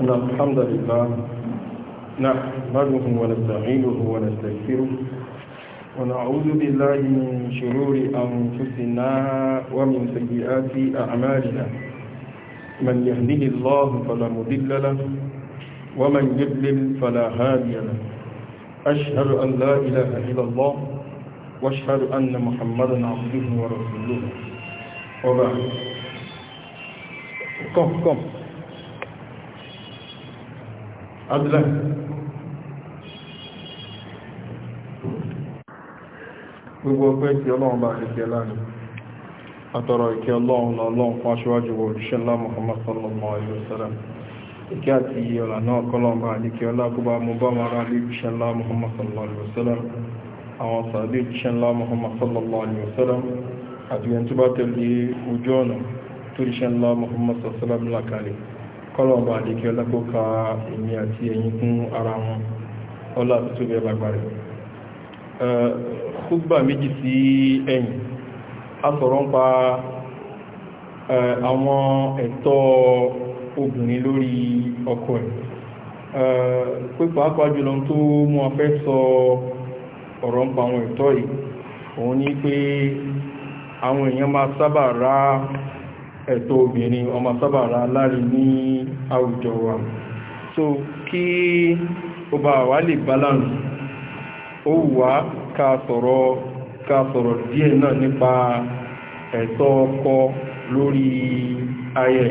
إن الحمد لله نحمده ونستعينه ونستغفره ونعوذ بالله من شرور أنفسنا ومن سيئات أعمالنا من يهده الله فلا مضل له ومن يضلل فلا هادي له أشهد أن لا إله إلا الله وأشهد أن محمدا عبده ورسوله وبعد قم قم abdullahi gbogbo ọpẹ́ tí ọlọ́run bá kẹ́kẹ́ lánàá àtọ̀rọ̀ ìkẹ́ ọlọ́run ọlọ́run fún aṣíwájú òṣìṣẹ́ ńlá Muhammad sallallahu alaihi wasallam ìkẹ́ àti ọ̀là náà kọ́lọ́mbà àdíkẹ́ ọlágúbá mú bá mara alẹ́bíṣẹ́ ńlá Muhammad sallallahu alaihi wasallam àwọn sàbí ìṣẹ́ ńlá Muhammad sallallahu alaihi wasallam àti ẹni tó bá tẹ̀lé ojú ọ̀nà tó ìṣẹ́ ńlá Muhammad sallallahu alaihi kọ́lọ̀ọ̀bà àdíkẹ́ ọlápọ́ka èmi àti ẹ̀yin fún ara wọn ọlá tó bẹ lágbàrí ṣúgbà méjì sí ẹ̀yìn a sọ̀rọ̀ ń pa àwọn ẹ̀tọ́ obìnrin lórí ọkọ ẹ̀ pípa àpájùlọ tó mú a fẹ́ sọ ọ̀rọ̀ ń pa àwọn ẹ̀tọ́ yìí òun ní pé àwọn èèyàn máa sábà rá ẹ̀tọ́ obìnrin ọmọ sábàrá láàrin ní àwùjọ wa so kí o bá wà lè balance ó wà ká sọ̀rọ̀ ká sọ̀rọ̀ díẹ̀ náà nípa ẹ̀tọ́ ọkọ lórí ayẹ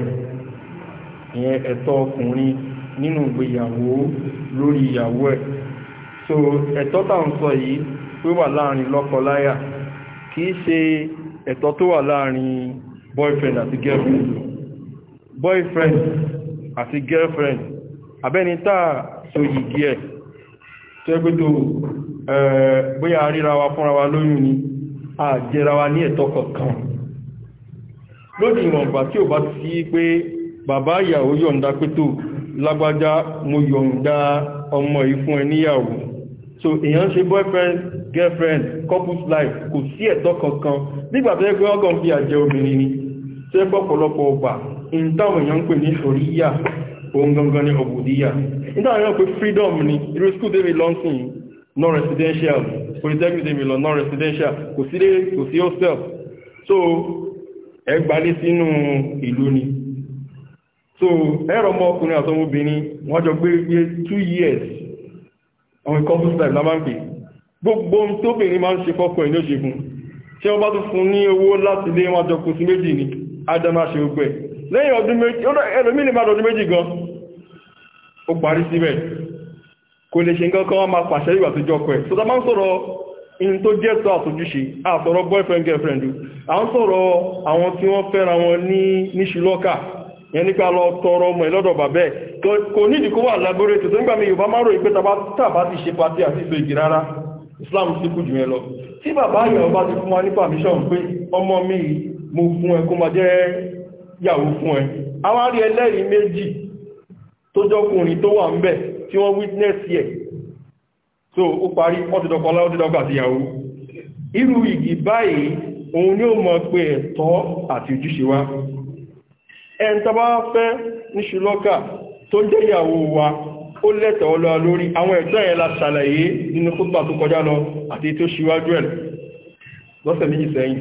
ìyẹn ẹ̀tọ́ ọkùnrin nínú ìgbéyàwó lórí ìyàwó ẹ̀ so ẹ̀tọ́ ń sọ wà láàrin ṣe ẹ̀tọ́ tó wà láàrin boyfriend àti girlfriend boyfriend àti girlfriend abẹ́ni táà so yìí ẹ̀ tó ẹgbẹ́ tó eh, bóyá ríra wa fúnra wa lóyún ni a jẹra wa ní ẹ̀tọ́ kankan lódì ìwọ̀nba tí ò bá sí pé bàbá ìyàwó yọ̀ǹda pé tó lágbájá mo yọ̀ǹda ọmọ yìí fún ẹ níyàwó so èyàn ṣe boyfriend girlfriend couples life kò sí ẹ̀tọ́ kankan nígbà tó yẹ pé ọgọ́ fi àjẹ obìnrin ni tí pọ̀pọ̀lọpọ̀ ọgbà in táwọn èèyàn ń pè ní ṣòríyà ohun gangan ní ọ̀bùdíyà in táwọn èèyàn pè freedom ni irú school david lonson non-residential polytechnic david lon non-residential kò sí lé kò sí hostel so ẹgbàlé sínú ìlú ni so ẹ̀rọ ọmọ ọkùnrin àtọmọbìnrin wọ́n jọ gbé gbé two years àwọn ikọ́ fún style lábá ń pè gbogbo tóbìnrin máa ń ṣe fọ́kùnrin ló ṣe fún wọ́n bá tún fún ní owó láti lé wọ́n jọ kù sí méjì ni adama ṣe gbogbo ẹ̀ lẹ́yìn ọdún méjì ẹlòmí lè máa lọ́dún méjì gan ó parí síbẹ̀ kò lè ṣe nǹkan kan máa pàṣẹ ìwà tó jọkọ̀ ẹ̀ tó máa ń sọ̀rọ̀ in tó jẹ́ tó àtòjúṣe àsọ̀rọ̀ boyfriend girlfriend à ń sọ̀rọ̀ àwọn tí wọ́n fẹ́ra wọn ní níṣìlọ́kà yẹn nípa lọ tọrọ ọmọ ẹ̀ lọ́dọ̀ bàbẹ́ kò nídìí kó Islam ti kú jù yẹn lọ tí bàbá yẹ̀ ọba ti mo fún ẹ kó ma jẹ́ yàwó fún ẹ àwọn arí ẹlẹ́rìí méjì tó jọkùnrin tó wà ń bẹ̀ tí wọ́n witness yẹ so ó parí ọdídọ́kọ́ ọdídọ́kọ́ àti yàwó irú ìgì báyìí òun ni ó mọ̀ pé ẹ̀tọ́ àti ojúṣe wa ẹn tàbá fẹ́ ní ṣùlọ́kà tó jẹ́ ìyàwó wa ó lẹ́tọ̀ọ́ lọ lórí àwọn ẹ̀tọ́ yẹn la ṣàlàyé nínú kópa tó kọjá lọ àti tó ṣíwájú ẹ̀ lọ́sẹ̀ méjì sẹ́yìn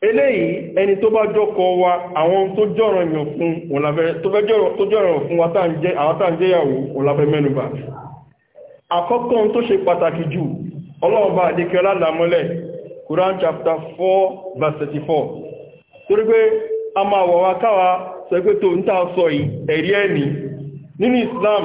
eléyìí ẹni tó bá wa àwọn tó jọ́rọ̀ èèyàn fún tó jọ́rọ̀ fún àwọn tá òlàfẹ́ mẹ́nubà àkọ́kọ́ tó ṣe pàtàkì jù ọlọ́ọ̀bá àdíkẹ́lá làmọ́lẹ̀ Quran chapter 4 verse 34 torí a máa wọ̀wá káwa sọ pé tó Islam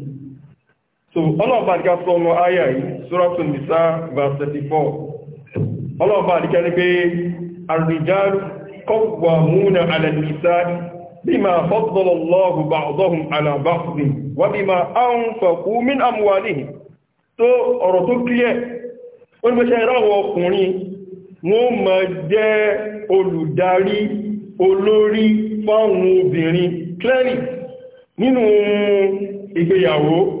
so ọlọ́ọ̀bá àdíká sọ ọmọ ayà yìí sóràtún nìsá verse 34 ọlọ́ọ̀bá àdíká ní pé àrìjáàrù kọ́gbà múnà alẹ́nìsá bí ma fọ́tọ̀lọ́lọ́hù bá ọ̀dọ́hùn alábáfúdì wà bí ma áhùn fàkú mín àmúwàlì tó ọ̀rọ̀ tó kílẹ̀ onígbẹ́sẹ̀ ìráwọ̀ ọkùnrin wọ́n ma jẹ́ olùdarí olórí fáwọn obìnrin cleric nínú ìgbéyàwó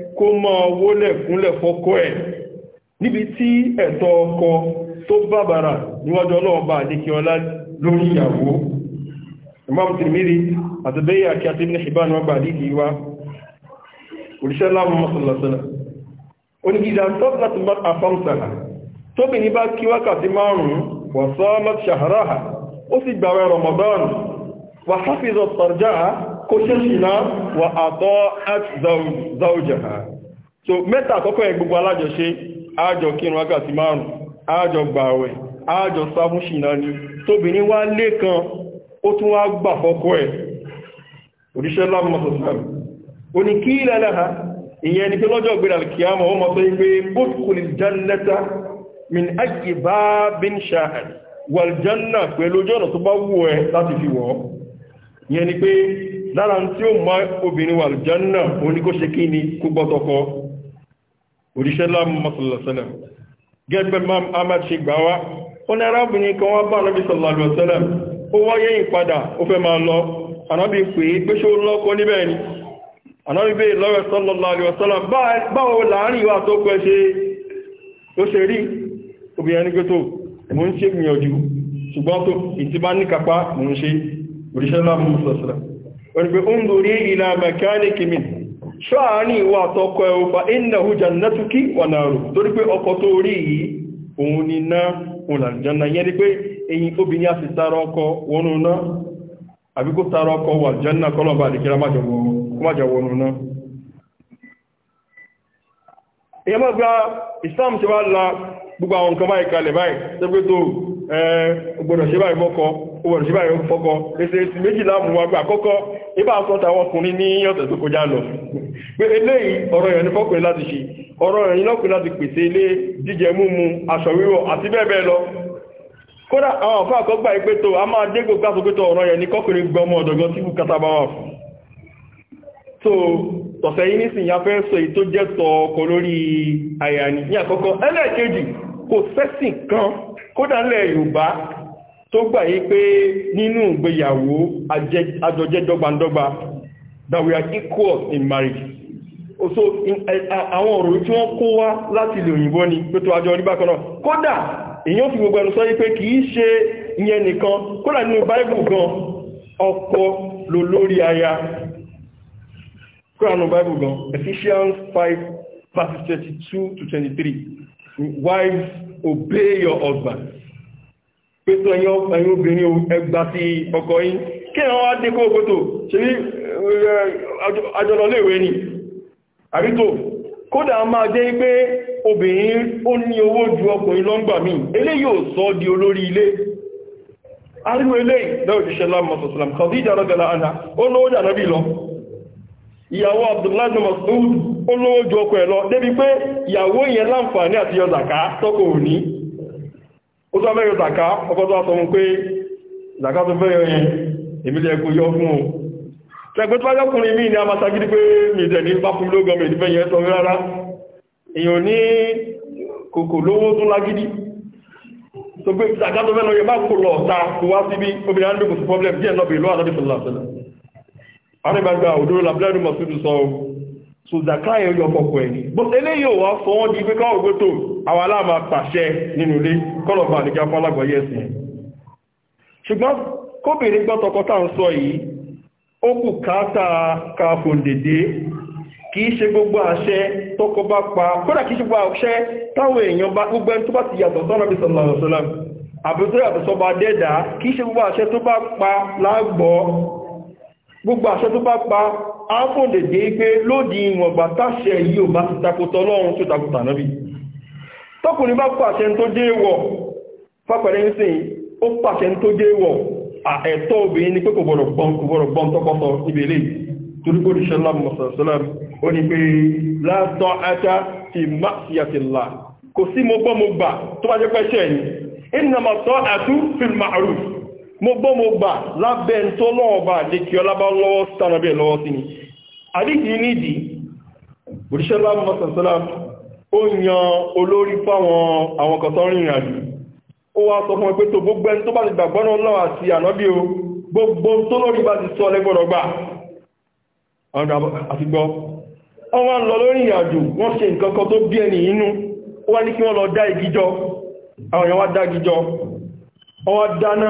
kó máa wólẹ̀ kúnlẹ̀ fọ́kọ́ ẹ̀ níbi tí ẹ̀tọ́ ọkọ tó bàbàrà níwájú ọlọ́ọ̀bá àdíkíọlá lórí ìyàwó imam tirmidhi àtàbẹ́yà àti àti ibn hibban wọ́n gbà àdíkì wá òṣìṣẹ́ láwọn mọ́sànlọ́sọ́lá onígidà tó láti bá àfọ́nsàlá tóbi ṣe ṣìná wà so mẹ́ta àkọ́kọ́ ẹ̀ gbogbo alájọṣe àjọ kírun wákàtí márùn àjọ gbààwẹ̀ àjọ sáfúnṣìnà ni tóbìnrin wá lé kan ó tún wá gbà fọ́kọ́ ẹ̀ òdíṣẹ́ lámọ́sọ̀sọ̀rọ̀ ó ní kí lẹ́lẹ́ha ìyẹn ni pé lọ́jọ́ gbé alkiyama ó mọ́ sọ pé bókùnlé jannata min ayi bá bin sha'ad waljanna pẹ̀lú ojú òdíṣẹ́lá mọ́sànlọ́sẹ́lẹ̀ gẹ́gbẹ́ mam ahmad ṣe gbà wá ó ní arábìnrin kan wá bá anábì sọ̀lọ́sẹ́lẹ̀ ó wáyé ìpadà ó fẹ́ máa lọ anábì pé pé ṣó lọ́kọ́ níbẹ̀ ni anábì bèèrè lọ́rẹ̀ sọ́lọ́lọ́sẹ́lẹ̀ báwo láàrin ìwà tó pẹ́ ṣe ó ṣe rí obìnrin pé tó mò ń ṣe gbìyànjú ṣùgbọ́n tó ìtì bá ní kápá mò ń ṣe òdíṣẹ́lá mọ́sànlọ́sẹ́lẹ̀ ṣọ́àárín ìwọ atọ ẹ̀ òfà innahu jannatuki wa naru torí pé ọkọ tó rí yìí òun ni ná òun àlùjánná ni pé obìnrin a sì ọkọ wọnú ná àbí ọkọ wà jẹ́nà kọlọ̀bà àdìkíra òwòrán sí báyìí fọ́kọ́ pèsè èsì méjì láàmù wa gbà àkọ́kọ́ ibà sọ tàwọn ọkùnrin ní ọ̀sẹ̀ tó kọjá lọ pé eléyìí ọ̀rọ̀ ìrìn fọ́kùnrin láti ṣe ọ̀rọ̀ ìrìn lọ́kùnrin láti pèsè ilé jíjẹ múmu aṣọ wíwọ̀ àti bẹ́ẹ̀ bẹ́ẹ̀ lọ kódà àwọn àfọ́ àkọ́gbà ìpé tó a máa dégbò so tọ̀sẹ̀ yìí nísìn ya fẹ́ sọ èyí tó jẹ́ tọ ọkọ̀ lórí àyà ní àkọ́kọ́ ẹlẹ́ẹ̀kejì Yorùbá tó gbà yí pé nínú ìgbéyàwó àjọjẹ́ dọ́gbandọ́gba that we are equal in marriage so àwọn ọ̀rọ̀ tí wọ́n kó wá láti ilẹ̀ òyìnbó ni pé tó àjọ orí bákan náà kódà èyàn fi gbogbo ẹnu sọ yí pé kìí ṣe ìyẹn nìkan kódà nínú báìbù gan ọkọ ló lórí aya kódà nínú báìbù gan Ephesians 5 verses 22 to 23 wives obey your husbands pé tó ẹ̀yin obìnrin ẹgbà sí ọkọ yín kí wọ́n wá dínkù ògbótò ṣe rí àjọlọ́léèwé ni àrítò kódà máa jẹ́ pé obìnrin ó ní owó ju ọkùnrin lọ́ngbà míì eléyìí ò sọ di olórí ilé ariwo ilé lẹ́òjíṣẹ́ lámọ̀sọ̀sọ̀lám Khadija rọ́gẹ̀lá àná ó lówó jà náà bí lọ ìyàwó Abdullahi Mas'ud ó lówó ju ọkọ ẹ̀ lọ débi pé ìyàwó yẹn láǹfààní àti yọ zàká tọ́kọ̀ òní ó tó mẹ́rin zaka ọkọ̀ tó sọ pé zaka tó fẹ́rẹ̀ yẹn ìmìlẹ̀ ẹkù yọ fún un tẹgbẹ́ tó wájọ́kùnrin mí ní a máa sagídí pé mìtẹ̀ ní bá fún lógan mìí fẹ́ yẹn sọrí rárá èèyàn ní kòkò lówó tún lágídí tó gbé zaka tó fẹ́rẹ̀ yẹn bá kò lọ ta kò wá síbi obìnrin àdókò sí problem so zaka yẹn yọ fọ́kọ̀ ẹ̀ ní bó eléyìí ò wá fọwọ́n di pé káwọ̀ gbótò àwọn aláàmà pàṣẹ nínú ilé kọ́lọ̀bà nìjà fọ́lágbọ̀yẹ̀ ẹ̀sìn ṣùgbọ́n kóbìnrin gbọ́ tọkọtà ń sọ yìí ó kù káàtà káàfòn dédé kìí ṣe gbogbo àṣẹ tọkọ bá pa kódà kìí ṣe gbogbo àṣẹ táwọn èèyàn bá gbogbo ẹni tó bá ti yàtọ̀ sọ́nà bí sọ́nà àbútó yàtọ̀ sọ́ba dẹ́dà kìí ṣe gbogbo àṣẹ tó bá pa lágbọ́ gbogbo àṣẹ tó bá pa ápò lè dé pé lódi ìwọ̀nba táṣẹ yìí ò bá ti takòtọ́ lọ́run tó takòtà náà bí tọ́kùnrin bá pàṣẹ tó dé wọ̀ fápẹ̀lẹ́ ń sìn ó pàṣẹ tó dé wọ̀ ẹ̀tọ́ obìnrin ní pé kò gbọ́dọ̀ gbọ́n tọ́kọ́ sọ níbi ilé torípò ríṣẹ́ lámùsọ̀sọ́lám ó ní pé látọ́ ajá ti má sí àti là kò sí mo gbọ́ mo gbà tó bá jẹ́ pẹ́ṣẹ́ yìí ìnàmọ̀tọ́ àtú fil ma'ruf mo gbọ́ mo gbà lábẹ́ ń tó lọ́wọ́ bá àdékí ọlábá lọ́wọ́ sánàbẹ̀ lọ́wọ́ sí ni àdíkì nídìí òṣìṣẹ́lá mọ́sànsánà ó yan olórí fáwọn àwọn kọ̀tọ́ rìnrìn àjò ó wá sọ fún ẹgbẹ́ tó gbogbo tó bá ti gbàgbọ́ náà o gbogbo tó lórí bá ti sọ lẹ́gbọ́dọ̀ gbà àti gbọ́ wọ́n wá ń lọ lórí ìrìn àjò wọ́n ṣe nǹkan kan tó bí ẹni inú ó wá ní kí wọ́n lọ dá igi jọ dáná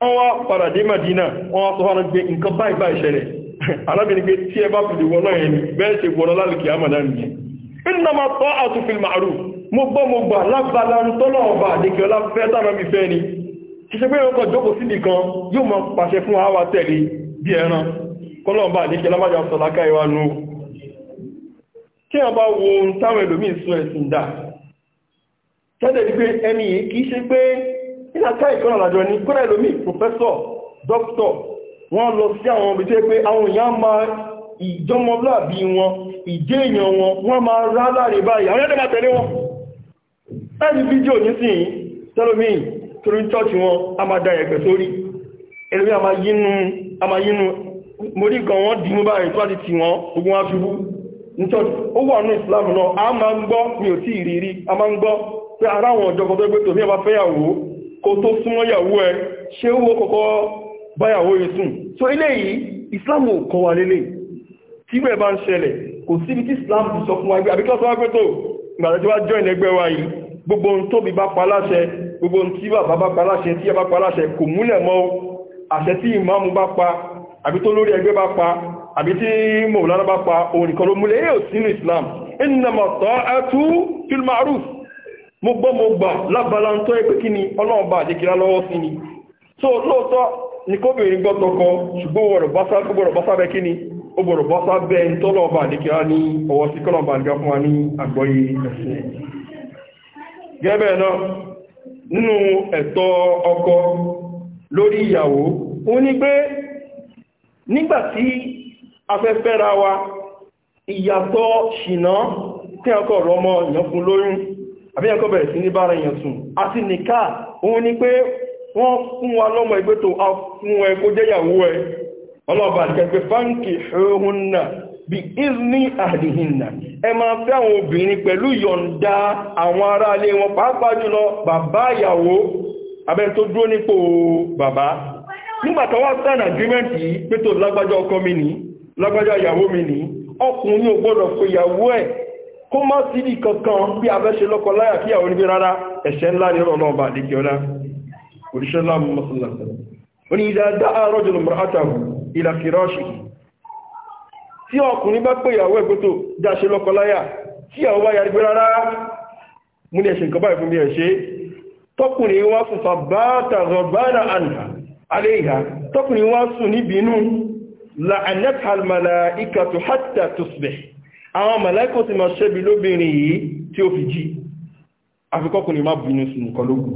wọ́n wá padà dé Madina wọ́n wá sọ fún arábìnrin pé nǹkan báyìí báyìí ṣẹlẹ̀ arábìnrin pé tí ẹ bá fi lè wọ́nà yẹn ni bẹ́ẹ̀ ṣe wọ́nà lálùkì àmàdá nìyẹn iná máa tọ́ àtúfin màálù mo gbọ́ mo gbà lábala ń tọ́lọ̀ ọba àdékẹ́ ọlá fẹ́ tàbí mi fẹ́ ni ṣiṣẹ́ pé ọkọ̀ jókòó sí nìkan nígbà ká ìkọ́nà àjọ ní kọ́nà ìlòmí pòfẹ́sọ̀ dókítọ̀ wọ́n lọ sí àwọn ibi tó pé àwọn èèyàn máa ìjọmọláàbí wọn ìjẹ́ èèyàn wọn wọ́n máa rá láàrin báyìí àwọn ẹ̀dẹ́ máa tẹ̀lé wọn ẹni fídíò ní sí tẹ́lómí torí chọ́ọ̀chì wọn a máa da ẹ̀gbẹ̀ sórí ẹlòmí a máa yínú morí kan wọ́n dìmú báyìí tó àti tì wọ́n nítorí ó wà ní ìsìlámù náà a máa ń gbọ́ mi ò tí ìrírí a máa ń gbọ́ pé ara àwọn ọ̀jọ̀gbọ́n tó gbé tòmí ẹ kó tó súnmọ́ yàwó ẹ ṣe ó kọ́kọ́ báyàwó yìí sùn so ilé yìí islam ò kọ́ wa lélẹ̀ tí wẹ́ bá ń ṣẹlẹ̀ kò síbi tí islam ti sọ fún wa gbé àbíkọ́ sọ wápẹ́ tó ìgbàdà tí wá jọ ìnẹgbẹ́ wa yìí gbogbo ohun tóbi bá pa láṣẹ gbogbo ohun tí bàbá bá pa láṣẹ tí bá pa láṣẹ kò múlẹ̀ mọ́ àṣẹ tí ìmáàmù bá pa àbí tó lórí ẹgbẹ́ bá pa àbí tí mọ̀lára bá pa òun nìkan ló múlẹ̀ èyí mo gbọ́ mo gbà lábala ń tọ́ ẹ pé kí ni ọlọ́run bá àdékìlá lọ́wọ́ sí ni so lóòótọ́ ni kóbìnrin gbọ́ tọkọ ṣùgbọ́n gbọ́dọ̀ bá sábẹ́ gbọ́dọ̀ bá sábẹ́ kí ni ó gbọ́dọ̀ bá sábẹ́ ń tọ́lọ́run bá àdékìlá ní ọwọ́ sí kọ́lọ́run bá àdékìlá fún wa ní àgbọ́yé ẹ̀sìn gẹ́gẹ́ náà nínú ẹ̀tọ́ ọkọ lórí ìyàwó ó ní pé nígbàtí afẹ́fẹ́ra wa ìyàtọ̀ ṣìnà tí ọkọ rọmọ ìyànkun lóyún àbíyànkọ́ bẹ̀rẹ̀ sí ní bára èèyàn sùn àti nìká òun ni pé wọ́n fún wa lọ́mọ ẹgbẹ́ tó a fún ẹ kó jẹ́yàwó ẹ ọlọ́ọ̀bà àtìkẹ́gbẹ́ fáǹkì ṣòhunna bí ìzní àdìhìnà ẹ máa fẹ́ àwọn obìnrin pẹ̀lú yọ̀ǹda àwọn ará wọn ọkọ mi ní ìyàwó mi ní ọkùnrin ò gbọ́dọ̀ kó má sí ní kankan bí abẹ́ṣe lọ́kọ láyà kí àwọn oníbí rárá ẹ̀ṣẹ̀ ńlá ní ọ̀nà ọba àdíkẹ́ ọlá òṣìṣẹ́ ńlá mọ́sánlá oní ìdáadá àárọ̀jùlọ mọ̀rátàwù ìlà fìrọ́ṣì tí ọkùnrin bá pè ìyàwó ẹgbẹ́tò jáṣe lọ́kọ láyà tí àwọn bá yàrí rárá mú ní ẹ̀ṣẹ̀ àwọn mẹ̀lẹ́kùn ti máa ṣẹ́bi lóbìnrin yìí tí ó fi jí àfikọ́kùnrin má bínú sí nìkan lógún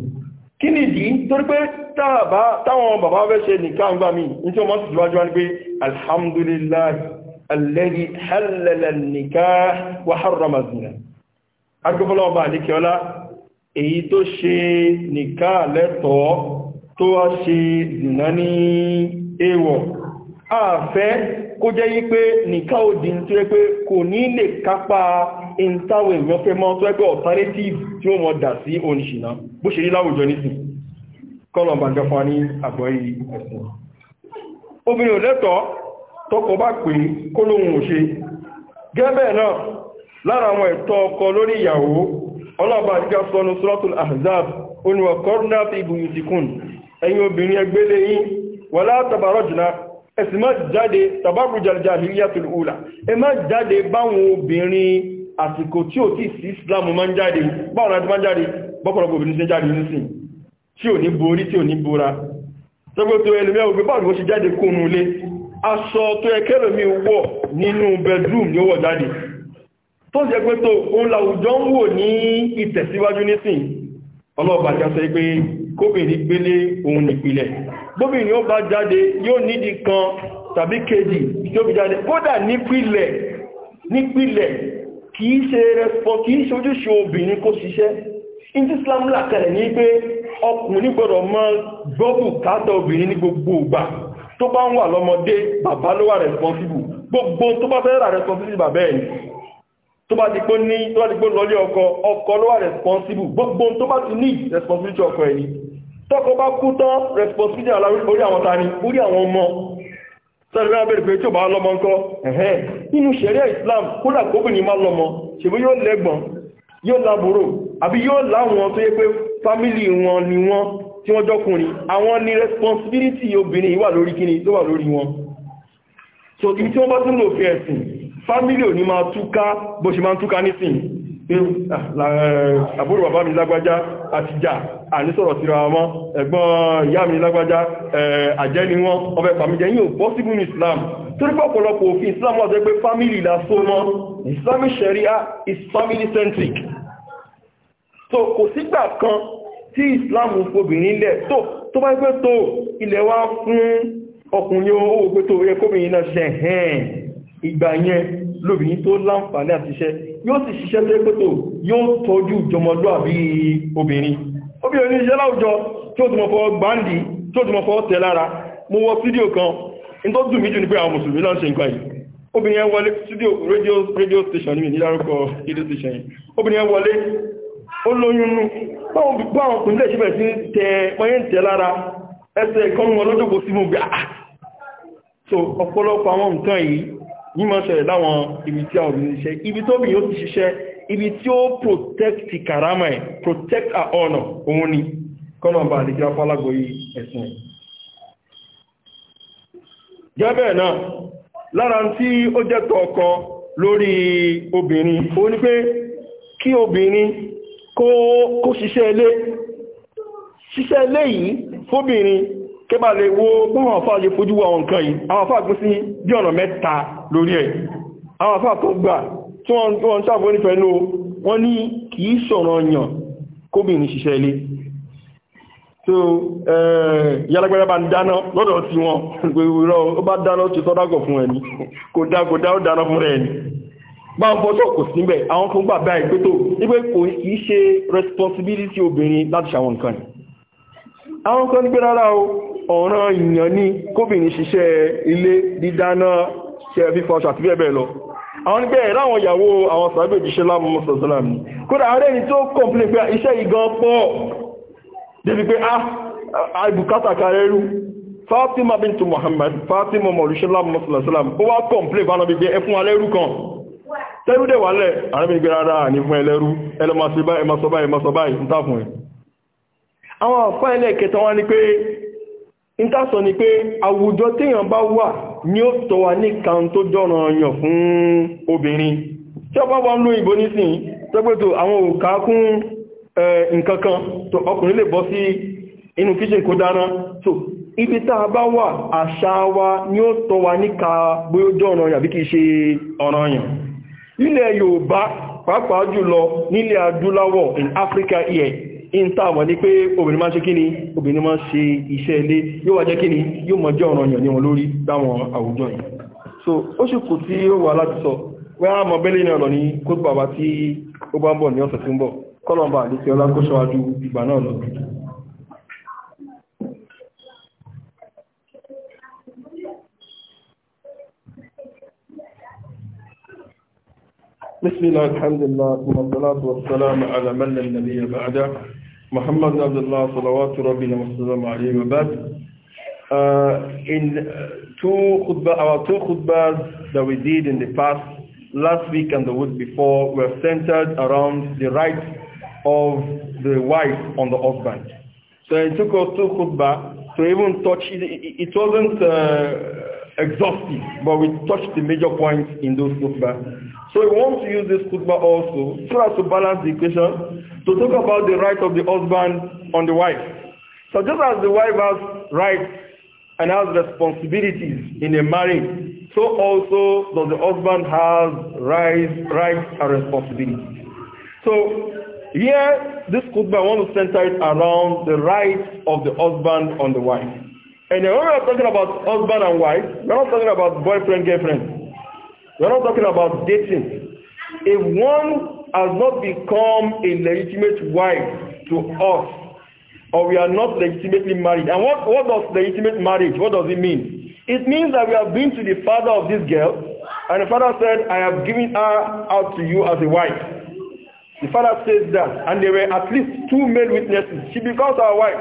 kí ni ìdí torí pé táwọn bàbá fẹ́ ṣe nìkan gbà mí ní tí wọ́n sì síwájú wá ní pé alhamdulillah alladhi halala kó jẹ́ yí pé nìkan ò tó yẹ pé kò ní lè kápá ìntàwọn èèyàn fẹ́ mọ́ tó ẹgbẹ́ alternative tí ó mọ̀ dà sí oníṣìná bó ṣe rí láwùjọ nísìn kọlọmbà fún wa ní ẹ̀sìn obìnrin ò tọkọ bá pè kó lóhun ọkọ lórí ìyàwó ọlọ́ọ̀bà fi obìnrin ẹgbẹ́lẹ́yìn wala ẹ̀sì má jáde tàbábùjà jahiliyatul ula ẹ má jáde báwọn obìnrin àsìkò tí ò tí sí islamu má ń jáde báwọn àti má ń jáde bọ́pọ̀lọpọ̀ obìnrin sí jáde nísìn tí ò ní borí tí ò ní bora tọ́gbọ́tọ́ ẹlùmí ọgbẹ́ báwọn ó ṣe jáde kónú ilé aṣọ tó ẹkẹ́lùmí wọ̀ nínú bedroom ni ó wọ̀ jáde tó jẹ́ pé tó òun làwùjọ ń wò ní ìtẹ̀síwájú nísìn ọlọ́ọ̀bà jẹ́ sọ pé kóbìnrin gbélé ohun ìpìlẹ̀ gbóbìnrin ó bá jáde yóò nídi kan tàbí kejì tó bí jáde kódà nípìlẹ̀ nípìlẹ̀ kìí ṣe rẹpọ kìí ṣe ojúṣe obìnrin kó ṣiṣẹ́ ìdí Islam làkẹ̀lẹ̀ ní pé ọkùnrin gbọ́dọ̀ mọ́ gbọ́bù káàtọ̀ obìnrin ní gbogbo ìgbà tó bá ń wà lọ́mọdé bàbá ló wà responsible gbogbo tó bá fẹ́ rà responsible bàbá ẹ̀ tó bá ti pó ní tó bá ti pó lọlé ọkọ ọkọ ló responsible gbogbo tó bá ti ní responsibility ọkọ ẹni tọ́kọ bá kú tán responsibility orí àwọn tani orí àwọn ọmọ sẹ́lẹ̀ náà bẹ̀rẹ̀ pé tí ò bá lọ́mọ ńkọ́ ẹ̀hẹ́n nínú ṣẹ̀ríà Islam kódà kóbìnrin má lọ́mọ ṣèbí yóò lẹ́gbọ̀n yóò lábúrò àbí yóò láwọn tó yẹ pé fámílì wọn ni wọ́n tí wọ́n jọkùnrin àwọn ni responsibility obìnrin wà lórí kíni tó wà lórí wọn so ibi tí wọ́n bá tún lò fi ẹ̀sìn fámílì ò ní máa túká bó ṣe máa túká nísìnyí pé ah, eh, àbúrò bàbá mi lágbájá àti jà ànísọ̀rọ̀ síra wọn ẹ̀gbọ́n ìyá mi lágbájá eh, àjẹ́ ni wọ́n ọbẹ̀ pàmìjẹ́ yíò possible ní Islam torí pọ̀pọ̀lọpọ̀ òfin Islam wọ́n jẹ́ pé family la so mọ́ Islamic Sharia is family centric so kò sígbà kan tí Islam fobìnrin lẹ̀ tó tó bá pẹ́ tó ilẹ̀ wá fún ọkùnrin owó pé tó yẹ kóbìnrin náà ṣe hẹ́n ìgbà yẹn lóbìnrin tó láǹfààní àti iṣẹ́ yóò sì ṣiṣẹ́ tó pẹ́tò yóò tọ́jú ìjọmọlúàbí obìnrin obìnrin oníṣẹ́ láwùjọ tí ó ti mọ̀fọ́ gbáǹdì tí ó ti mọ̀fọ́ tẹ̀ lára mo wọ fídíò kan in tó dùn mí jù àwọn studio radio radio station mi nílárúkọ radio station yìí obìnrin yẹn wọlé ó lóyún nú báwọn ọkùnrin lè ṣíbẹ̀ sí tẹ wọ́n yẹn tẹ̀ ah, ah. so ọ̀pọ̀lọpọ̀ àwọn nǹkan yìí ní mọ́ ṣẹlẹ̀ láwọn ibi tí a ò ní ṣe ibi tó bìí ó ti ṣiṣẹ́ ibi tí ó protect karama ẹ̀ protect our honor òun ni kọ́nà bá lè jẹ́ fálágbó yìí ẹ̀sìn gẹ́bẹ̀ náà lára tí ó jẹ́ tọ́ ọkọ lórí obìnrin ó ní pé kí obìnrin kó ṣiṣẹ́ ilé ṣiṣẹ́ ilé yìí fóbìnrin kébà lè wo bọ́wọ̀n àfáà lè fojú wọ àwọn nǹkan yìí àwọn àfáà gún sí bí ọ̀nà mẹ́ta lórí ẹ̀ àwọn àfáà kan gbà tí wọ́n ń sáàbọ̀ nífẹ̀ẹ́ ló wọ́n ní kìí sọ̀rọ̀ yàn kóbìnrin ṣiṣẹ́ ilé so yalagbẹ́rẹ́ bá ń dáná lọ́dọ̀ sí wọn ìrọ̀ ó bá dáná ti sọ́dágọ̀ fún ẹni kò dá kò dá ó dáná fún ẹni bá ń bọ́ sọ́kò síbẹ̀ àwọn kan gbà báyìí pé tó wípé kò kìí ṣe responsibility obìnrin láti ṣàwọn nǹkan àwọn kan ní pé rárá o ọ̀ràn ìyàn ní kóbìnrin ṣiṣẹ́ ilé dídáná ṣe fífọṣọ àti bẹ́ẹ̀ bẹ́ẹ̀ lọ àwọn nígbẹ́ ẹ̀rọ àwọn ìyàwó àwọn sàábẹ̀ ìjíṣẹ́ lámọ́ sọ̀sọ́làm a ah, ìbùkátà karẹ́rú Fatima bintu Muhammad Fatima mọ̀lúṣẹ́ lámọ́ sọ̀sọ́làm ó wá kọ̀m̀plé fánà bí ẹfún alẹ́rú kan tẹ́rú dẹ̀ wálẹ̀ àrẹ́mìgbẹ̀ rárá ní fún ẹlẹ́rú ẹlọ́mọ̀sọ́bá ẹmọ́sọ́bá ẹmọ́sọ́bá ìfúntàfún ẹ̀ àwọn àfáà ẹlẹ́ẹ̀kẹta ìtàsọ ni pé àwùjọ téèyàn bá wà ní ó tọ́ wa ní kan tó jọ́ràn ọyàn fún obìnrin tí ọpá bá ń lo ìbò nísìn tẹ́gbẹ́tò àwọn òkà kún nǹkankan tó ọkùnrin lè bọ́ sí inú kíṣìn kó dáná so ibi tá a bá wà àṣà wa ní ó tọ́ wa ní ka bóyó jọ́ràn ọyàn bí in Africa here in táàmọ̀ ní pé obìnrin máa ṣe kíni obìnrin máa ṣe iṣẹ́ ilé yóò wá kíni yóò mọ̀ jẹ́ ọ̀ràn yàn ní wọn lórí dáwọn àwùjọ yìí so ó ṣe kù tí ó wà láti sọ wẹ́ á mọ bẹ́lẹ̀ ní ọ̀rọ̀ ní kó bàbá tí ó bá ń bọ̀ ní ọ̀sẹ̀ tí ń bọ̀ kọ́lọ̀mbà àti ti ìgbà náà lọ بسم الله الحمد لله والصلاة والسلام على من النبي بعده Muhammad Abdullah salawatu rabbina wa sallam alayhi wa bad. Uh, in uh, two khutbah, our two khutbahs that we did in the past, last week and the week before, were centered around the rights of the wife on the husband. So it took us two khutbah to even touch, it, it wasn't uh, exhaustive, but we touched the major points in those khutbahs. So we want to use this khutbah also so as to balance the equation to talk about the right of the husband on the wife. So just as the wife has rights and has responsibilities in a marriage, so also does the husband has rights, rights and responsibilities. So here, this khutbah, I want to center it around the rights of the husband on the wife. And when we are talking about husband and wife, we are not talking about boyfriend, girlfriend. We're not talking about dating. If one has not become a legitimate wife to us, or we are not legitimately married. And what, what does legitimate marriage, what does it mean? It means that we have been to the father of this girl, and the father said, I have given her out to you as a wife. The father says that, and there were at least two male witnesses. She becomes our wife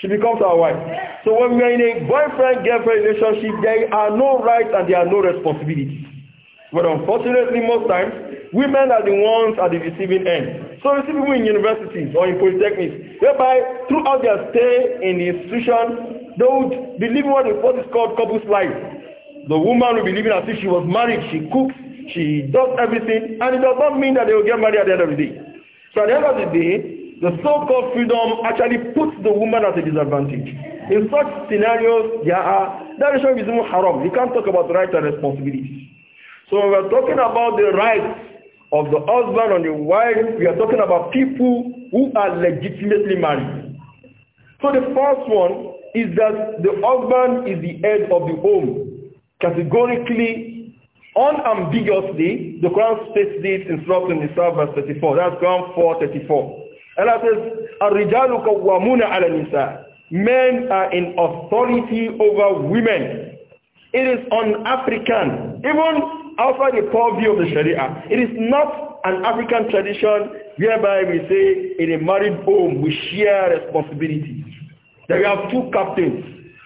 she becomes our wife. So when we are in a boyfriend-girlfriend relationship, there are no rights and there are no responsibilities. But unfortunately, most times, women are the ones at the receiving end. So you see people in universities or in polytechnics, whereby throughout their stay in the institution, they would be living what is called couple's life. The woman will be living as if she was married, she cooks, she does everything, and it does not mean that they will get married at the end of the day. So at the end of the day, the so-called freedom actually puts the woman at a disadvantage. In such scenarios, there are, that is why haram. You can't talk about rights and responsibilities. So when we are talking about the rights of the husband and the wife, we are talking about people who are legitimately married. So the first one is that the husband is the head of the home. Categorically, unambiguously, the Quran states this in Surah 27 verse 34. That's Quran 4, 34. Allah says, Ar-rijalu qawwamuna 'ala Men are in authority over women. It is un-African, even outside the purview of the Sharia. It is not an African tradition whereby we say in a married home we share responsibility. That we have two captains.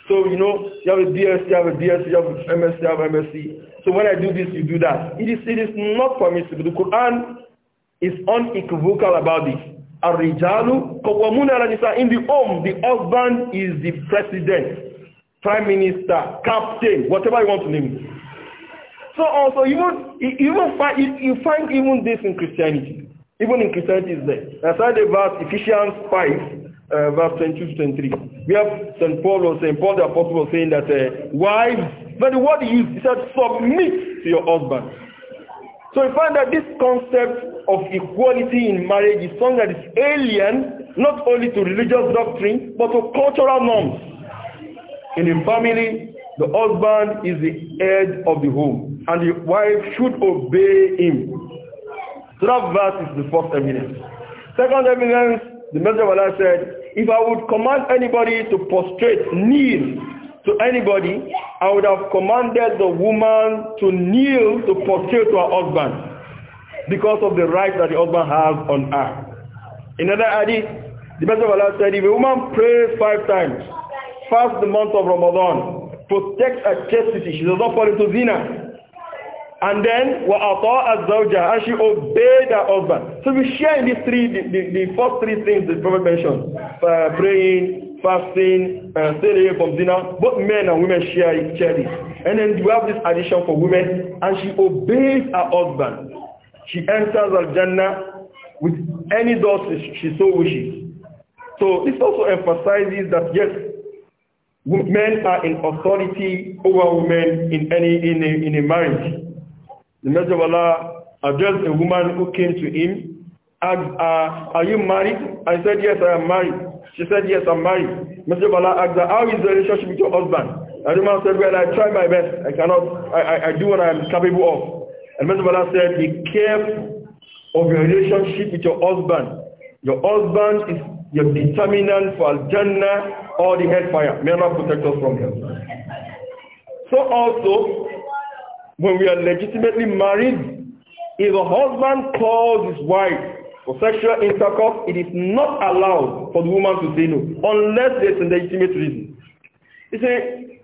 So, you know, you have a DSC, you have a DSC, you have an MSc, you have an MSc. So when I do this, you do that. It is, it is not permissible. The Quran is unequivocal about this. Arijalu Kọ̀wọ̀múnà Alanisa in the home, the husband is the president, prime minister, captain, whatever you want to name it. So also even even find you find even this in Christianity. Even in Christianity is there. That's why the verse Ephesians 5 uh, verse 22 23. We have St. Paul or St. Paul the Apostle saying that uh, wives, but the word he used, he said submit to your husband. So we find that this concept of equality in marriage is something that is alien not only to religious doctrine but to cultural norms. In a family, the husband is the head of the home and the wife should obey him. So that verse is the first evidence. Second evidence, the Messenger of Allah said, if I would command anybody to prostrate, kneel to anybody, I would have commanded the woman to kneel to prostrate to her husband because of the right that the husband has on her. In other hadith, the Messenger of Allah said, if a woman prays five times, fast the month of Ramadan, protects her chastity, she does not fall into zina, and then وَأَطَاءَ الزَّوْجَةَ and she obeyed her husband. So we share in these three, the, the, the first three things the Prophet mentioned, uh, praying, fasting, and staying away from dinner, both men and women share, each other. And then you have this addition for women, and she obeys her husband. She enters Al-Jannah with any door she so wishes. So this also emphasizes that yes, men are in authority over women in any in a, in a marriage. The Messenger of Allah addressed a woman who came to him, asked, uh, "Are you married?" I said, "Yes, I am married." She said, yes, I'm married. Mr. Bala asked her, how is the relationship with your husband? And the man said, well, I try my best. I cannot, I, I, I do what I am capable of. And Mr. Bala said, be careful of your relationship with your husband. Your husband is your determinant for Al-Jannah or the hellfire. May Allah protect us from hell. So also, when we are legitimately married, if a husband calls his wife For sexual intercourse, it is not allowed for the woman to say no, unless there's an legitimate reason. You see,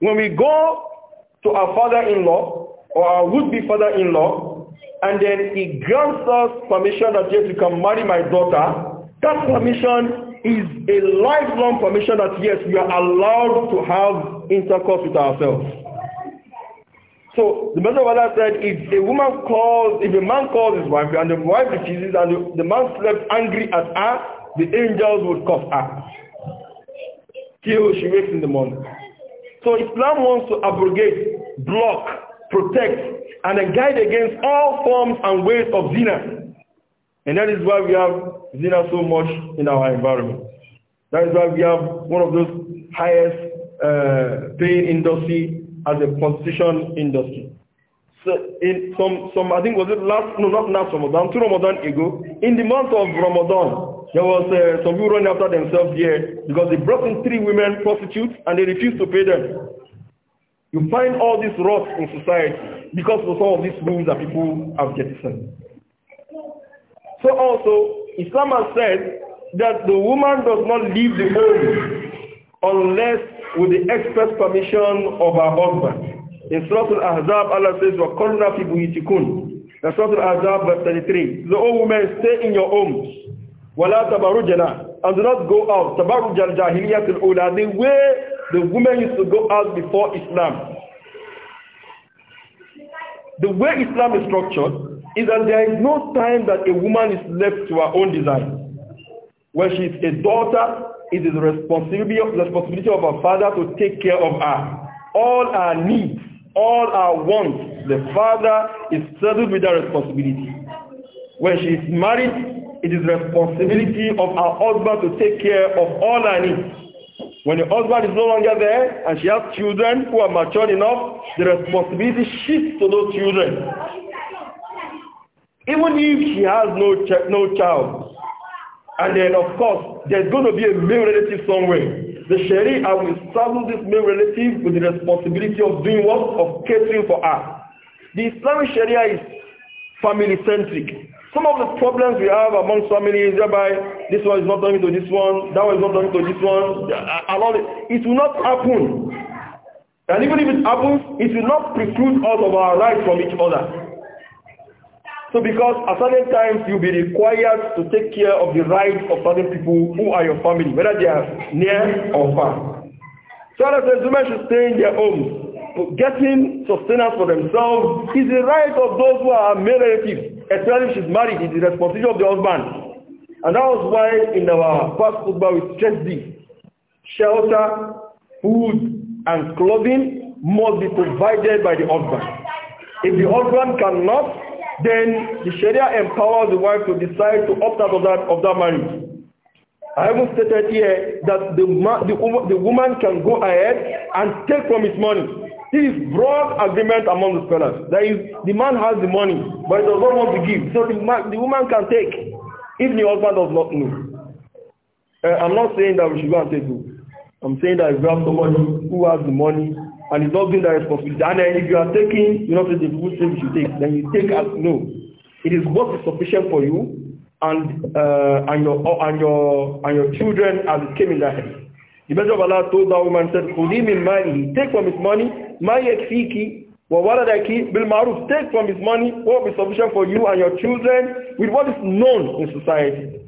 when we go to our father-in-law or our would-be father-in-law, and then he grants us permission that yes, you can marry my daughter, that permission is a lifelong permission that yes, we are allowed to have intercourse with ourselves. So the Messenger of Allah said, if a woman calls, if a man calls his wife and the wife refuses and the, the man slept angry at her, the angels would cuff her till she wakes in the morning. So Islam wants to abrogate, block, protect, and then guide against all forms and ways of zina. And that is why we have zina so much in our environment. That is why we have one of those highest uh, paying industry as a prostitution industry. So in some, some I think was it last, no not last Ramadan, two Ramadan ago, in the month of Ramadan, there was uh, some people running after themselves here because they brought in three women prostitutes and they refused to pay them. You find all this rot in society because of some of these rules that people have jettisoned. So also, Islam has said that the woman does not leave the home unless with the express permission of our husband. In Surah Al-Ahzab, Allah says, وَقَرْنَا فِي بُيْتِكُنْ That's Surah Al-Ahzab, verse 33. The old women stay in your homes. وَلَا تَبَرُجَنَا And do not go out. تَبَرُجَ الْجَاهِلِيَةِ الْأُولَى The way the women used to go out before Islam. The way Islam is structured is that there is no time that a woman is left to her own desires. When she is a daughter, it is the responsibility of, the responsibility of her father to take care of her. All her needs, all her wants, the father is saddled with that responsibility. When she is married, it is the responsibility of her husband to take care of all her needs. When the husband is no longer there and she has children who are mature enough, the responsibility shifts to those children. Even if she has no, ch no child, And then, of course, there's going to be a male relative somewhere. The Sharia will saddle this male relative with the responsibility of doing what? Of catering for her. The Islamic Sharia is family-centric. Some of the problems we have amongst families whereby this one is not done to this one, that one is not done to this one, uh, it will not happen. And even if it happens, it will not preclude us of our rights from each other. So because at certain times you'll be required to take care of the rights of certain people who are your family, whether they are near or far. So as a woman should stay in their homes. getting sustenance for themselves is the right of those who are male relatives. Especially if she's married, it's the responsibility of the husband. And that was why in our past football we stressed this. Shelter, food, and clothing must be provided by the husband. If the husband cannot then the Sharia empowers the wife to decide to opt out of that, of that marriage. I haven't stated here that the, ma the, the woman can go ahead and take from his money. This is broad agreement among the scholars. That is, the man has the money, but he does not want to give. So the, man, the woman can take if the husband does not know. Uh, I'm not saying that we should go and take it. I'm saying that if we have somebody who has the money and it's not doing that responsibility. And then uh, if you are taking, you know, the people say you should take, then you take as no. It is what is sufficient for you and uh, and your uh, and your and your children as it came in that head. The Messenger of Allah told that woman said, "Khudi min mali, take from his money, ma yakfiki wa waladaki bil ma'ruf, take from his money what is sufficient for you and your children with what is known in society."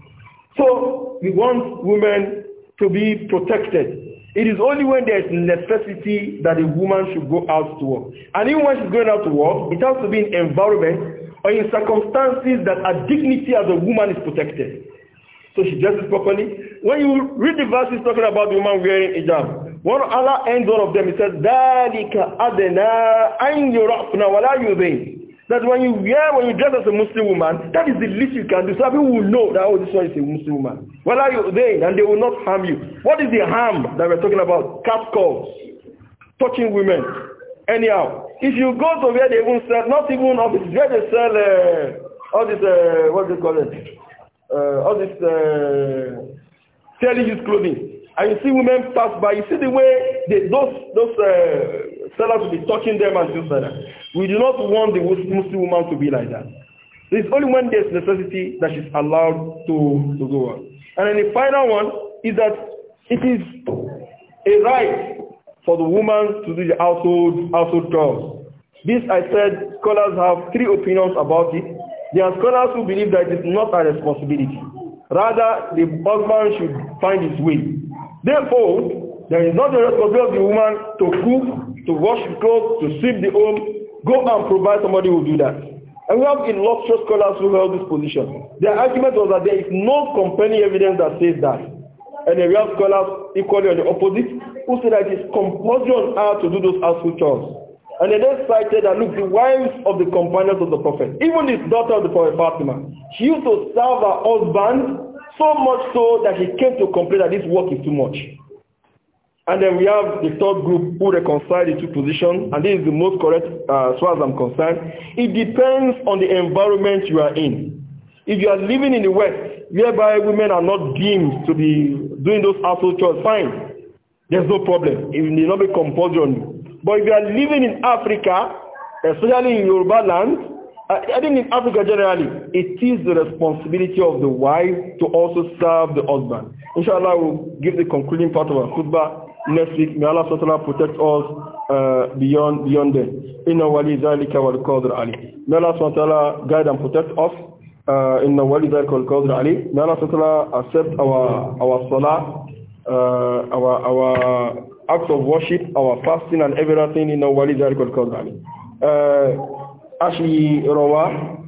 So we want women to be protected It is only when there is necessity that a woman should go out to work. And even when she's going out to work, it has to be in environment or in circumstances that her dignity as a woman is protected. So she dresses properly. When you read the verses talking about the woman wearing hijab, one Allah ends one of them, he says, ذَلِكَ أَدْنَا أَنْ يُرَأْفْنَا وَلَا يُذَيْنَ that when you wear, when you dress as a Muslim woman, that is the least you can do. So people will know that, oh, this one is a Muslim woman. are you there, and they will not harm you. What is the harm that we're talking about? Cat calls, touching women. Anyhow, if you go to where they even sell, not even office, where they sell uh, all this, uh, what do you call it? Uh, all this uh, selling clothing. And you see women pass by, you see the way they, those, those uh, sellers will be touching them and things like that. We do not want the Muslim woman to be like that. It's only when there's necessity that she's allowed to, to go on. And then the final one is that it is a right for the woman to do the household, household chores. This, I said, scholars have three opinions about it. There are scholars who believe that it is not a responsibility. Rather, the husband should find his way. Therefore, there is not the responsibility of the woman to cook, to wash clothes, to sweep the home, Go and provide somebody who do that. And we have illustrious scholars who held this position. Their argument was that there is no compelling evidence that says that. And then we have scholars equally on the opposite who say that it is compulsory on her to do those household chores. And then they cited that look, the wives of the companions of the prophet, even his daughter of the prophet Fatima, she used to serve her husband so much so that he came to complain that this work is too much. And then we have the third group who reconcile the two positions, and this is the most correct uh, as far as I'm concerned. It depends on the environment you are in. If you are living in the West, whereby women are not deemed to be doing those household chores, fine. There's no problem. It will not be compulsory on you. But if you are living in Africa, especially in Yoruba land, uh, I think in Africa generally, it is the responsibility of the wife to also serve the husband. Inshallah, we'll give the concluding part of our khutbah next week. May Allah SWT protect us uh, beyond beyond them. Inna wali zalika wal qadr ali. May Allah SWT guide and protect us. Uh, inna wali zalika wal qadr ali. May Allah SWT accept our our salah, uh, our our acts of worship, our fasting and everything. Inna wali zalika wal qadr ali. Uh, Ashley Rawa.